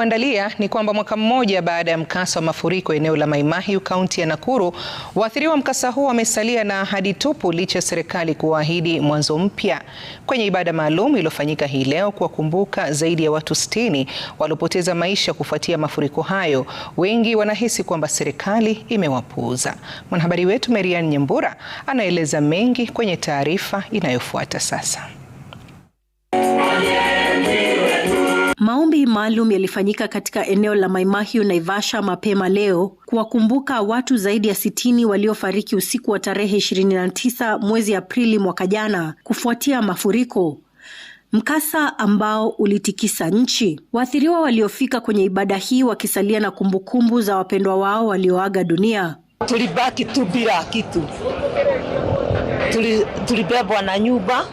Andalia ni kwamba mwaka mmoja baada ya mkasa wa mafuriko eneo la Maimahiu kaunti ya Nakuru, waathiriwa mkasa huo wamesalia na ahadi tupu licha ya serikali kuwaahidi mwanzo mpya. Kwenye ibada maalum iliyofanyika hii leo kuwakumbuka zaidi ya watu sitini waliopoteza maisha kufuatia mafuriko hayo, wengi wanahisi kwamba serikali imewapuuza. Mwanahabari wetu Marian Nyambura anaeleza mengi kwenye taarifa inayofuata sasa. Maombi maalum yalifanyika katika eneo la Maimahiu, Naivasha mapema leo kuwakumbuka watu zaidi ya sitini waliofariki usiku wa tarehe 29 mwezi Aprili mwaka jana kufuatia mafuriko. Mkasa ambao ulitikisa nchi. Waathiriwa waliofika kwenye ibada hii wakisalia na kumbukumbu za wapendwa wao walioaga dunia. Tulibaki tu bila kitu. Tulibebwa na nyumba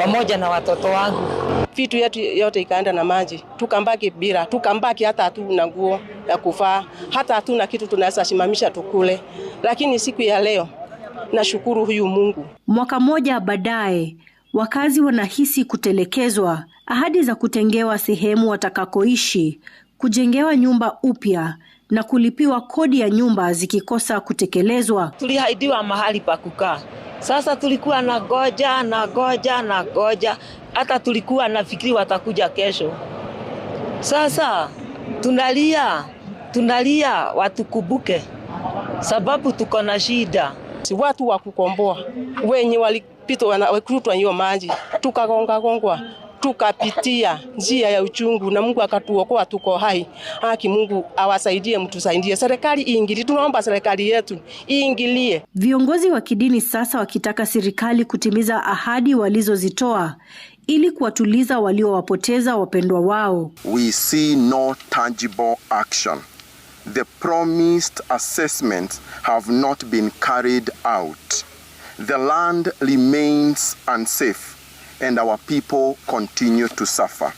pamoja na watoto wangu vitu yetu yote ikaenda na maji, tukambaki bila, tukambaki hata hatuna nguo ya kuvaa, hata hatuna kitu tunaweza simamisha tukule. Lakini siku ya leo nashukuru huyu Mungu. Mwaka mmoja baadaye, wakazi wanahisi kutelekezwa, ahadi za kutengewa sehemu watakakoishi, kujengewa nyumba upya na kulipiwa kodi ya nyumba zikikosa kutekelezwa. Tuliahidiwa mahali pa kukaa sasa tulikuwa na goja na goja na goja, hata tulikuwa na fikiri watakuja kesho. Sasa tunalia tunalia, watukubuke sababu tuko na shida. Si watu wa kukomboa wenye walipitwa na hiyo maji tukagongagongwa tukapitia njia ya uchungu na Mungu akatuokoa, tuko hai. Haki Mungu awasaidie, mtusaidie, serikali iingilie. Tunaomba serikali yetu iingilie. Viongozi wa kidini sasa wakitaka serikali kutimiza ahadi walizozitoa ili kuwatuliza waliowapoteza wapendwa wao. We see no tangible action. The promised assessments have not been carried out. The land remains unsafe and our people continue to suffer.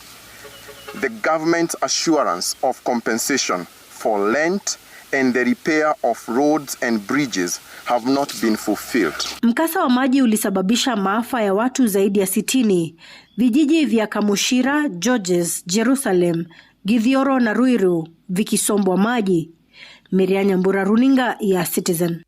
The government's assurance of compensation for Lent and the repair of roads and bridges have not been fulfilled. Mkasa wa maji ulisababisha maafa ya watu zaidi ya sitini. Vijiji vya Kamushira, Georges, Jerusalem, Githioro na Ruiru vikisombwa maji. Miriam Nyambura, Runinga ya Citizen.